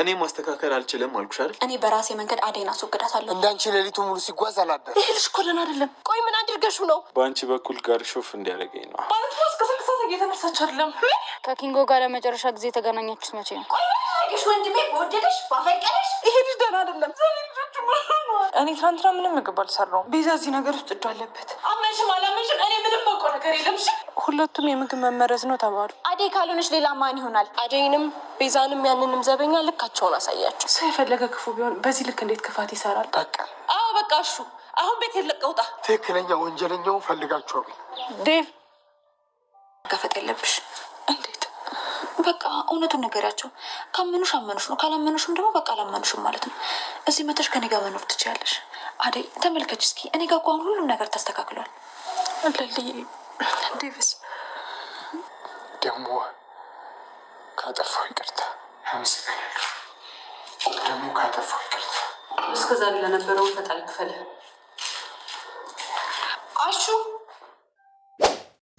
እኔ ማስተካከል አልችልም አልኩሽ አይደል? እኔ በራሴ መንገድ አደይን አስወግዳታለሁ። እንዳንቺ ሌሊቱ ሙሉ ሲጓዝ አላደረ። ይሄ ልጅ እኮ ደህና አይደለም። ቆይ ምን አድርገሽው ነው? በአንቺ በኩል ጋር ሾፍ እንዲያደርገኝ ነው። ባለት ማስቀሰቅሳት እየተነሳች አይደለም። ከኪንጎ ጋር ለመጨረሻ ጊዜ የተገናኛችሁት መቼ ነው? ቆይ ወንድሜ በወደደሽ ባፈቀደሽ ይሄ ልጅ ደህና አይደለም። እኔ ትናንትና ምንም ምግብ አልሰራውም። ቤዛ እዚህ ነገር ውስጥ እጁ አለበት። አመንሽም አላመንሽ ነገር የለም። ሁለቱም የምግብ መመረዝ ነው ተባሉ። አደይ ካልሆነች ሌላ ማን ይሆናል? አደይንም ቤዛንም ያንንም ዘበኛ ልካቸውን አሳያቸው። ሰው የፈለገ ክፉ ቢሆን በዚህ ልክ እንዴት ክፋት ይሰራል? በቃ አዎ፣ በቃ እሹ፣ አሁን ቤት የለቀውጣ ትክክለኛ ወንጀለኛውን ፈልጋቸው። ዴቭ መጋፈጥ የለብሽ እንዴት በቃ እውነቱን ነገሪያቸው። ካመኑሽ አመኑሽ ነው፣ ካላመኑሽም ደግሞ በቃ አላመኑሽም ማለት ነው። እዚህ መተሽ ከኔ ጋር መኖር ትችያለሽ። አደይ ተመልከች እስኪ እኔ ጋር እኮ አሁን ሁሉም ነገር ተስተካክሏል። ዴቪስ ደግሞ ካጠፋው ይቅርታ ደግሞ ካጠፋው ይቅርታ ለነበረውን አሹ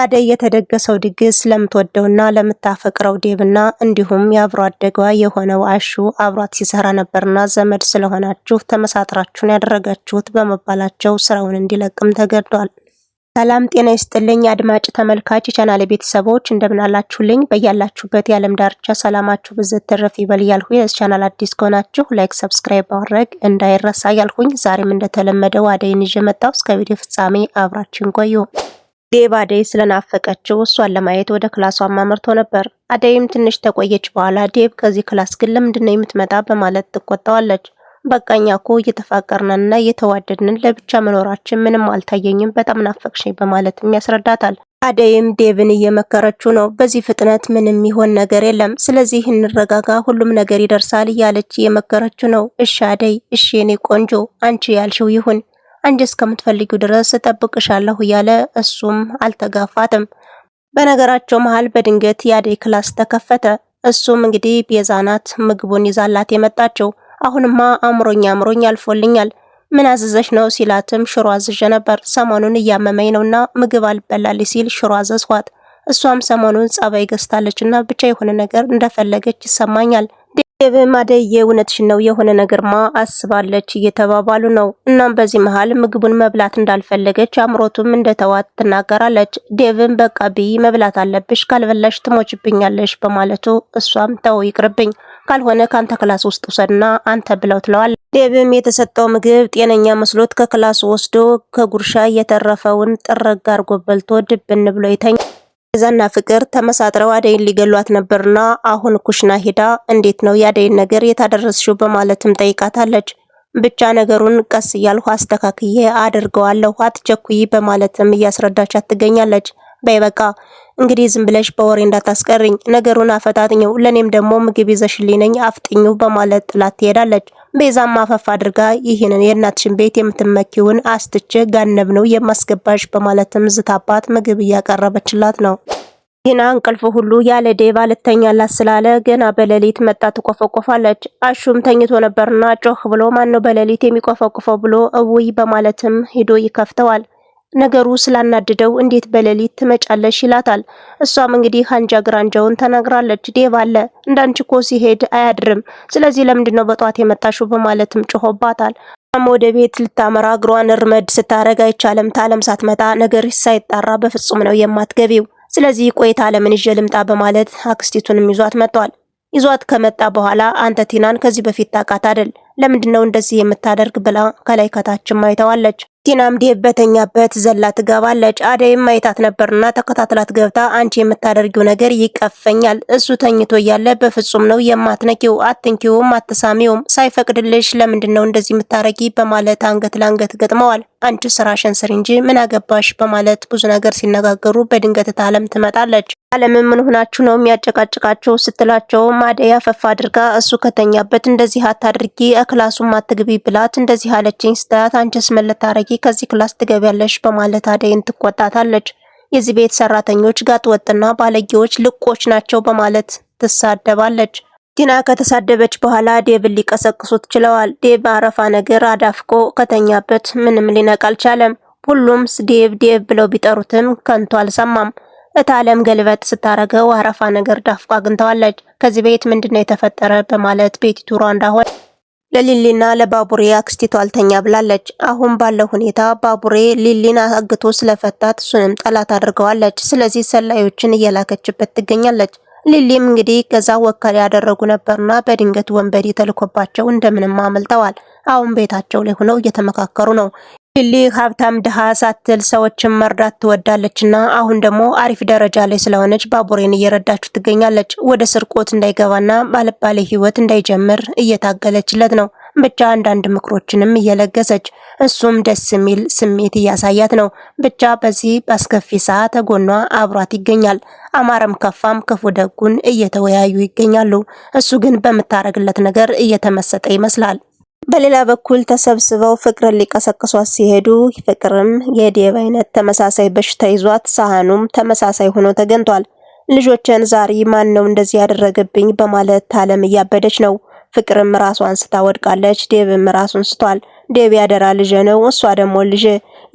አደይ የተደገሰው ድግስ ለምትወደውና ለምታፈቅረው ዴብና እንዲሁም የአብሮ አደጓ የሆነው አሹ አብሯት ሲሰራ ነበርና ዘመድ ስለሆናችሁ ተመሳጥራችሁን ያደረጋችሁት በመባላቸው ስራውን እንዲለቅም ተገዷል። ሰላም ጤና ይስጥልኝ አድማጭ ተመልካች የቻናል ቤተሰቦች እንደምን አላችሁልኝ? በያላችሁበት የዓለም ዳርቻ ሰላማችሁ ብዝት ትርፍ ይበል እያልሁ ቻናል አዲስ ከሆናችሁ ላይክ፣ ሰብስክራይብ ማድረግ እንዳይረሳ ያልሁኝ ዛሬም እንደተለመደው አደይን ይዤ መጣሁ። እስከ ቪዲዮ ፍጻሜ አብራችን ቆዩ። ዴብ አደይ ስለናፈቀችው እሷን ለማየት ወደ ክላሷ አማምርቶ ነበር። አደይም ትንሽ ተቆየች በኋላ ዴቭ ከዚህ ክላስ ግን ለምንድነው የምትመጣ በማለት ትቆጣዋለች። በቃ እኛ እኮ እና እየተዋደድንን ለብቻ መኖራችን ምንም አልታየኝም፣ በጣም ናፈቅሽኝ በማለትም ያስረዳታል። አደይም ዴቭን እየመከረችው ነው። በዚህ ፍጥነት ምንም ይሆን ነገር የለም፣ ስለዚህ እንረጋጋ፣ ሁሉም ነገር ይደርሳል እያለች እየመከረችው ነው። እሺ አደይ፣ እሺ የኔ ቆንጆ፣ አንቺ ያልሽው ይሁን፣ አንቺ እስከምትፈልጊው ድረስ እጠብቅሻለሁ እያለ እሱም አልተጋፋትም። በነገራቸው መሀል በድንገት የአደይ ክላስ ተከፈተ። እሱም እንግዲህ ቤዛ ናት ምግቡን ይዛላት የመጣችው። አሁንማ አምሮኛ አምሮኝ አልፎልኛል። ምን አዘዘሽ ነው ሲላትም ሽሮ አዝዤ ነበር፣ ሰሞኑን እያመመኝ ነውና ምግብ አልበላል ሲል ሽሮ አዘዝኳት። እሷም ሰሞኑን ጸባይ ገዝታለችና ብቻ የሆነ ነገር እንደፈለገች ይሰማኛል። ዴብም አደዬ እውነትሽ ነው የሆነ ነገርማ አስባለች እየተባባሉ ነው። እናም በዚህ መሃል ምግቡን መብላት እንዳልፈለገች አምሮቱም እንደተዋት ትናገራለች። ዴብም በቃ ብይ መብላት አለብሽ፣ ካልበላሽ ትሞችብኛለሽ በማለቱ እሷም ተው ይቅርብኝ ካልሆነ ከአንተ ክላስ ውስጥ ውሰድና አንተ ብለው ትለዋል። ዴብም የተሰጠው ምግብ ጤነኛ መስሎት ከክላሱ ወስዶ ከጉርሻ የተረፈውን ጥረግ አርጎ በልቶ ድብን ብሎ ይተኛ። ዛና ፍቅር ተመሳጥረው አደይን ሊገሏት ነበርና አሁን ኩሽና ሄዳ እንዴት ነው የአደይን ነገር የታደረስሽው በማለትም ጠይቃታለች። ብቻ ነገሩን ቀስ እያልሁ አስተካክዬ አድርገዋለሁ አትቸኩይ በማለትም እያስረዳቻት ትገኛለች። በይ በቃ እንግዲህ ዝም ብለሽ በወሬ እንዳታስቀርኝ፣ ነገሩን አፈታትኘው፣ ለእኔም ደግሞ ምግብ ይዘሽልኝ አፍጥኙ በማለት ጥላት ትሄዳለች። ቤዛም አፈፍ አድርጋ ይህንን የእናትሽን ቤት የምትመኪውን አስትች ጋነብ ነው የማስገባሽ በማለትም ዝታባት ምግብ እያቀረበችላት ነው። ዜና እንቅልፍ ሁሉ ያለ ዴባ ልተኛላት ስላለ ገና በሌሊት መጣ ትቆፈቆፋለች። አሹም ተኝቶ ነበርና ጮህ ብሎ ማነው በሌሊት የሚቆፈቆፈው ብሎ እውይ በማለትም ሂዶ ይከፍተዋል። ነገሩ ስላናደደው እንዴት በሌሊት ትመጫለሽ ይላታል። እሷም እንግዲህ አንጃ ግራንጃውን ተናግራለች። ዴቭ አለ እንዳንቺ እኮ ሲሄድ አያድርም፣ ስለዚህ ለምንድነው ነው በጠዋት የመጣሽው በማለትም ጮሆባታል። ወደ ቤት ልታመራ እግሯን እርመድ ስታረግ አይቻለም ታለም ሳትመጣ ነገር ሳይጣራ በፍጹም ነው የማትገቢው። ስለዚህ ቆይታ ለምን ይዤ ልምጣ በማለት አክስቲቱንም ይዟት መጥቷል። ይዟት ከመጣ በኋላ አንተ ቲናን ከዚህ በፊት ታውቃት አይደል? ለምንድን ነው እንደዚህ የምታደርግ ብላ ከላይ ከታችም አይተዋለች። ቲናም ዴቭ በተኛበት ዘላ ትገባለች። አደይም አይታት ነበርና ተከታትላት ገብታ አንቺ የምታደርጊው ነገር ይቀፈኛል፣ እሱ ተኝቶ እያለ በፍጹም ነው የማትነኪው፣ አትንኪውም፣ አትሳሚውም፣ ሳይፈቅድልሽ ለምንድን ነው እንደዚህ የምታደርጊ በማለት አንገት ለአንገት ገጥመዋል። አንቺ ስራሽን ስሪ እንጂ ምን አገባሽ በማለት ብዙ ነገር ሲነጋገሩ በድንገት ታለም ትመጣለች። አለም ምን ሆናችሁ ነው የሚያጨቃጭቃችሁ ስትላቸውም አደይ አፈፋ አድርጋ እሱ ከተኛበት እንደዚህ አታድርጊ ክላሱም አትግቢ ብላት እንደዚህ አለችኝ ስታያት አንቺስ ምን ልታረጊ ከዚህ ክላስ ትገቢያለሽ በማለት አደይን ትቆጣታለች። የዚህ ቤት ሰራተኞች ጋጥ ወጥና ባለጌዎች፣ ልቆች ናቸው በማለት ትሳደባለች። ዲና ከተሳደበች በኋላ ዴቭን ሊቀሰቅሱት ችለዋል። ዴቭ አረፋ ነገር አዳፍቆ ከተኛበት ምንም ሊነቅ አልቻለም። ሁሉም ዴቭ ዴቭ ብለው ቢጠሩትም ከንቱ አልሰማም። እታለም ገልበጥ ስታረገው አረፋ ነገር ዳፍቆ አግኝተዋለች። ከዚህ ቤት ምንድነው የተፈጠረ በማለት ቤቲቱ ሯንዳ ሆነ ለሊሊና ለባቡሬ አክስቲቱ አልተኛ ብላለች። አሁን ባለው ሁኔታ ባቡሬ ሊሊን አግቶ ስለፈታት እሱንም ጠላት አድርገዋለች። ስለዚህ ሰላዮችን እየላከችበት ትገኛለች። ሊሊም እንግዲህ ከዛ ወካል ያደረጉ ነበርና በድንገት ወንበዴ ተልኮባቸው እንደምንም አመልጠዋል። አሁን ቤታቸው ላይ ሆነው እየተመካከሩ ነው። ሊሊ ሀብታም ድሃ ሳትል ሰዎችን መርዳት ትወዳለች እና አሁን ደግሞ አሪፍ ደረጃ ላይ ስለሆነች ባቡሬን እየረዳችሁ ትገኛለች። ወደ ስርቆት እንዳይገባና ባልባሌ ህይወት እንዳይጀምር እየታገለችለት ነው። ብቻ አንዳንድ ምክሮችንም እየለገሰች እሱም ደስ የሚል ስሜት እያሳያት ነው። ብቻ በዚህ በአስከፊ ሰዓት ተጎኗ አብሯት ይገኛል። አማረም ከፋም ክፉ ደጉን እየተወያዩ ይገኛሉ። እሱ ግን በምታረግለት ነገር እየተመሰጠ ይመስላል። በሌላ በኩል ተሰብስበው ፍቅርን ሊቀሰቅሷት ሲሄዱ ፍቅርም የዴብ አይነት ተመሳሳይ በሽታ ይዟት ሳህኑም ተመሳሳይ ሆኖ ተገኝቷል። ልጆችን ዛሬ ማን ነው እንደዚህ ያደረገብኝ በማለት አለም እያበደች ነው። ፍቅርም ራሷን ስታ ወድቃለች። ራሱን ስቷል። ዴብ ያደራ ልጄ ነው፣ እሷ ደግሞ ልጄ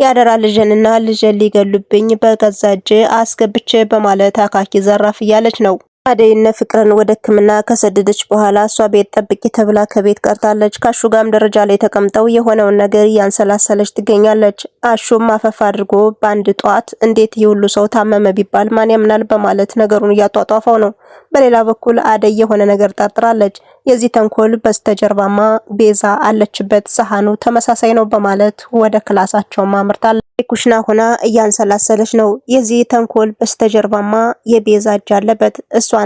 ያደራ ልጄንና ልጄን ሊገሉብኝ በገዛ እጄ አስገብቼ በማለት አካኪ ዘራፍ እያለች ነው። አደይነ ፍቅርን ወደ ሕክምና ከሰደደች በኋላ እሷ ቤት ጠብቂ ተብላ ከቤት ቀርታለች። ከአሹ ጋም ደረጃ ላይ ተቀምጠው የሆነውን ነገር እያንሰላሰለች ትገኛለች። አሹም አፈፍ አድርጎ በአንድ ጧት እንዴት ይህ ሁሉ ሰው ታመመ ቢባል ማን ያምናል በማለት ነገሩን እያጧጧፈው ነው። በሌላ በኩል አደይ የሆነ ነገር ጠርጥራለች። የዚህ ተንኮል በስተጀርባማ ቤዛ አለችበት፣ ሰሃኑ ተመሳሳይ ነው በማለት ወደ ክላሳቸው አምርታለች። ኩሽና ሆና እያንሰላሰለች ነው። የዚህ ተንኮል በስተጀርባማ የቤዛ እጅ አለበት።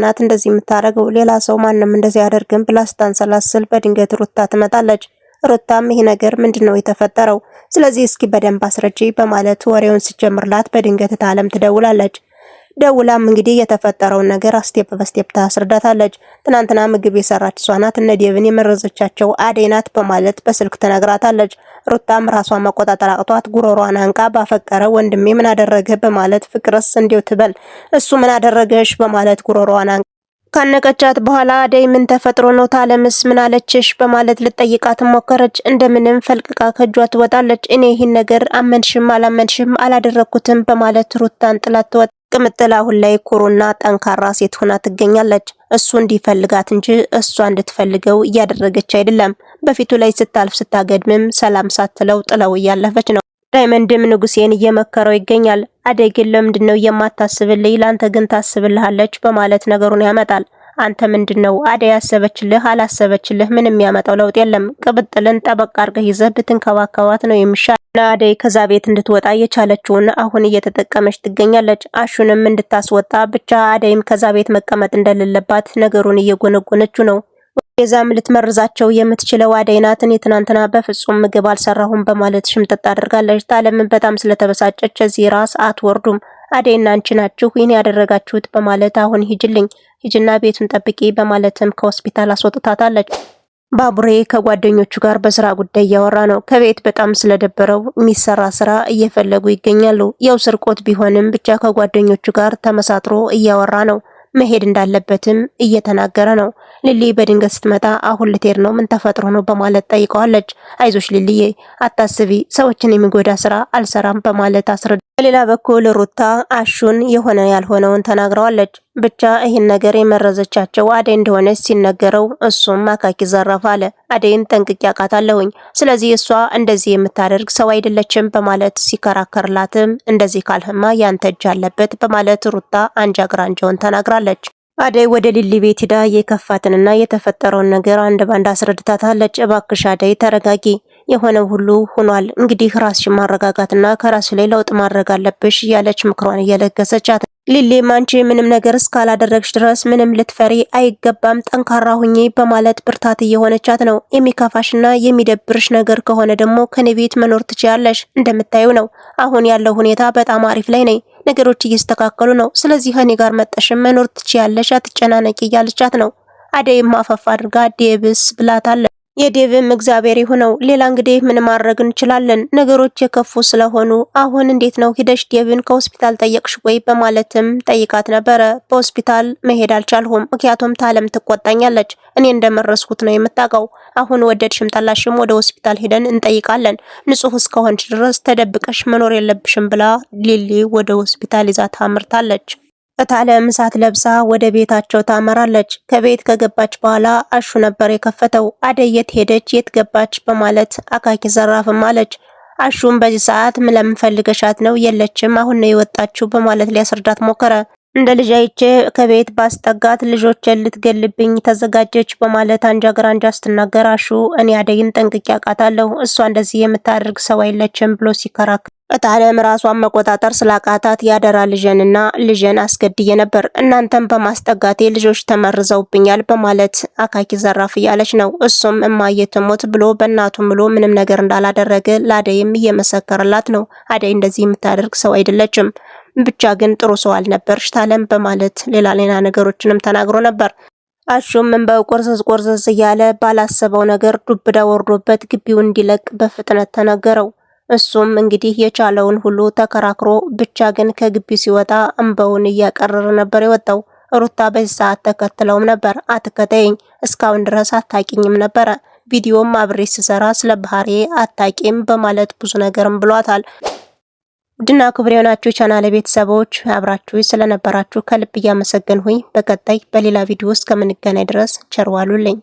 ናት እንደዚህ የምታደርገው፣ ሌላ ሰው ማንም እንደዚህ አያደርግም ብላ ስታንሰላስል በድንገት ሩታ ትመጣለች። ሩታም ይሄ ነገር ምንድን ነው የተፈጠረው? ስለዚህ እስኪ በደንብ አስረጂ በማለት ወሬውን ስጀምርላት በድንገት ታለም ትደውላለች። ደውላም እንግዲህ የተፈጠረውን ነገር ስቴፕ በስቴፕ ታስረዳታለች። ትናንትና ምግብ የሰራች እሷ ናት እነ ዴቭን የመረዘቻቸው አደይ ናት በማለት በስልክ ትነግራታለች። ሩታም ራሷን መቆጣጠር አቅቷት ጉሮሯን አንቃ ባፈቀረ ወንድሜ ምን አደረገ በማለት ፍቅርስ እንዲው ትበል እሱ ምን አደረገሽ በማለት ጉሮሯን አንቃ ካነቀቻት በኋላ አደይ ምን ተፈጥሮ ነው ታለምስ ምን አለችሽ በማለት ልጠይቃት ሞከረች። እንደምንም ፈልቅቃ ከእጇ ትወጣለች። እኔ ይህን ነገር አመንሽም አላመንሽም አላደረግኩትም በማለት ሩታን ጥላት ትወጣ ቅምጥል አሁን ላይ ኩሩና ጠንካራ ሴት ሆና ትገኛለች። እሱ እንዲፈልጋት እንጂ እሷ እንድትፈልገው እያደረገች አይደለም። በፊቱ ላይ ስታልፍ ስታገድምም ሰላም ሳትለው ጥለው እያለፈች ነው። ዳይመንድም ንጉሴን እየመከረው ይገኛል። አደይ ግን ለምንድን ነው የማታስብልኝ? ለአንተ ግን ታስብልሃለች በማለት ነገሩን ያመጣል። አንተ ምንድን ነው አደይ ያሰበችልህ አላሰበችልህ ምን የሚያመጣው ለውጥ የለም። ቅምጥልን ጠበቅ አድርገህ ይዘህ ብትንከባከባት ነው የሚሻል። አደይ ከዛ ቤት እንድትወጣ የቻለችውን አሁን እየተጠቀመች ትገኛለች። አሹንም እንድታስወጣ ብቻ አደይም ከዛ ቤት መቀመጥ እንደሌለባት ነገሩን እየጎነጎነችው ነው። የዛም ልትመርዛቸው የምትችለው አደይ ናት። እኔ ትናንትና በፍጹም ምግብ አልሰራሁም በማለት ሽምጥጥ አድርጋለች። ታለምን በጣም ስለተበሳጨች እዚህ ራስ አትወርዱም፣ አደይና አንቺ ናችሁ ይህን ያደረጋችሁት በማለት አሁን ሂጅልኝ፣ ሂጅና ቤቱን ጠብቂ በማለትም ከሆስፒታል አስወጥታታለች። ባቡሬ ከጓደኞቹ ጋር በስራ ጉዳይ እያወራ ነው። ከቤት በጣም ስለደበረው የሚሰራ ስራ እየፈለጉ ይገኛሉ። ያው ስርቆት ቢሆንም ብቻ ከጓደኞቹ ጋር ተመሳጥሮ እያወራ ነው። መሄድ እንዳለበትም እየተናገረ ነው። ልሊ በድንገት ስትመጣ አሁን ልትሄድ ነው፣ ምን ተፈጥሮ ነው በማለት ጠይቀዋለች። አይዞሽ ሊሊዬ፣ አታስቢ፣ ሰዎችን የሚጎዳ ስራ አልሰራም በማለት አስረዳ በሌላ በኩል ሩታ አሹን የሆነ ያልሆነውን ተናግረዋለች። ብቻ ይህን ነገር የመረዘቻቸው አደይ እንደሆነች ሲነገረው እሱም አካኪ ዘረፍ አለ። አደይን ጠንቅቄ አውቃታለሁኝ፣ ስለዚህ እሷ እንደዚህ የምታደርግ ሰው አይደለችም በማለት ሲከራከርላትም እንደዚህ ካልህማ ያንተ እጅ አለበት በማለት ሩታ አንጃ ግራንጃውን ተናግራለች። አደይ ወደ ሊሊ ቤት ሂዳ የከፋትንና የተፈጠረውን ነገር አንድ ባንድ አስረድታታለች። እባክሽ አደይ ተረጋጊ የሆነው ሁሉ ሆኗል። እንግዲህ ራስሽን ማረጋጋትና ከራስሽ ላይ ለውጥ ማድረግ አለብሽ እያለች ምክሯን እየለገሰቻት ሊሊም አንቺ ምንም ነገር እስካላደረግሽ ድረስ ምንም ልትፈሪ አይገባም፣ ጠንካራ ሁኚ በማለት ብርታት እየሆነቻት ነው። የሚከፋሽና የሚደብርሽ ነገር ከሆነ ደግሞ ከኔ ቤት መኖር ትችያለሽ። እንደምታዩ ነው አሁን ያለው ሁኔታ በጣም አሪፍ ላይ ነኝ። ነገሮች እየስተካከሉ ነው። ስለዚህ እኔ ጋር መጠሽም መኖር ትችያለሽ፣ አትጨናነቂ እያለቻት ነው። አደይም አፈፍ አድርጋ ዴብስ ብላታለች። የዴቭም እግዚአብሔር ይሁነው። ሌላ እንግዲህ ምን ማድረግ እንችላለን? ነገሮች የከፉ ስለሆኑ አሁን እንዴት ነው ሂደሽ ዴቭን ከሆስፒታል ጠየቅሽ ወይ? በማለትም ጠይቃት ነበረ። በሆስፒታል መሄድ አልቻልሁም፣ ምክንያቱም ታለም ትቆጣኛለች። እኔ እንደመረስኩት ነው የምታውቀው። አሁን ወደድሽም ጠላሽም ወደ ሆስፒታል ሄደን እንጠይቃለን። ንጹህ እስከሆንች ድረስ ተደብቀሽ መኖር የለብሽም ብላ ሊሊ ወደ ሆስፒታል ይዛ አምርታለች። እታለም ምሳት ለብሳ ወደ ቤታቸው ታመራለች። ከቤት ከገባች በኋላ አሹ ነበር የከፈተው። አደይ የት ሄደች? የት ገባች? በማለት አካኪ ዘራፍም አለች። አሹም በዚህ ሰዓት ለምን ፈልገሻት ነው? የለችም፣ አሁን ነው የወጣችው በማለት ሊያስረዳት ሞከረ። እንደ ልጃይቼ ከቤት ባስጠጋት ልጆቼን ልትገልብኝ ተዘጋጀች በማለት አንጃ አንጃ ስትናገር አሹ እኔ አደይን ጠንቅቄ አውቃታለሁ፣ እሷ እንደዚህ የምታደርግ ሰው አይለችም ብሎ ሲከራከር እታለም ራሷን መቆጣጠር ስላቃታት ያደራ ልጄንና ልጄን አስገድዬ ነበር፣ እናንተም በማስጠጋቴ ልጆች ተመርዘውብኛል በማለት አካኪ ዘራፍ እያለች ነው። እሱም እማዬ ትሞት ብሎ በእናቱ ምሎ ምንም ነገር እንዳላደረገ ለአደይም እየመሰከረላት ነው። አደይ እንደዚህ የምታደርግ ሰው አይደለችም፣ ብቻ ግን ጥሩ ሰው አልነበርሽ ታለም በማለት ሌላ ሌላ ነገሮችንም ተናግሮ ነበር። አሹም እንበው ቆርሰስ ቆርሰስ እያለ ባላሰበው ነገር ዱብዳ ወርዶበት ግቢው እንዲለቅ በፍጥነት ተነገረው። እሱም እንግዲህ የቻለውን ሁሉ ተከራክሮ ብቻ ግን ከግቢው ሲወጣ እንበውን እያቀረረ ነበር የወጣው። ሩታ በዚህ ሰዓት ተከትለውም ነበር። አትከተይኝ፣ እስካሁን ድረስ አታቂኝም ነበረ ቪዲዮም አብሬ ስሰራ ስለ ባህሪ አታቂም በማለት ብዙ ነገርም ብሏታል። ውድና ክቡር የሆናችሁ ቻናለ ቤተሰቦች አብራችሁ ስለነበራችሁ ከልብ እያመሰገንሁኝ በቀጣይ በሌላ ቪዲዮ እስከምንገናኝ ድረስ ቸር ዋሉልኝ።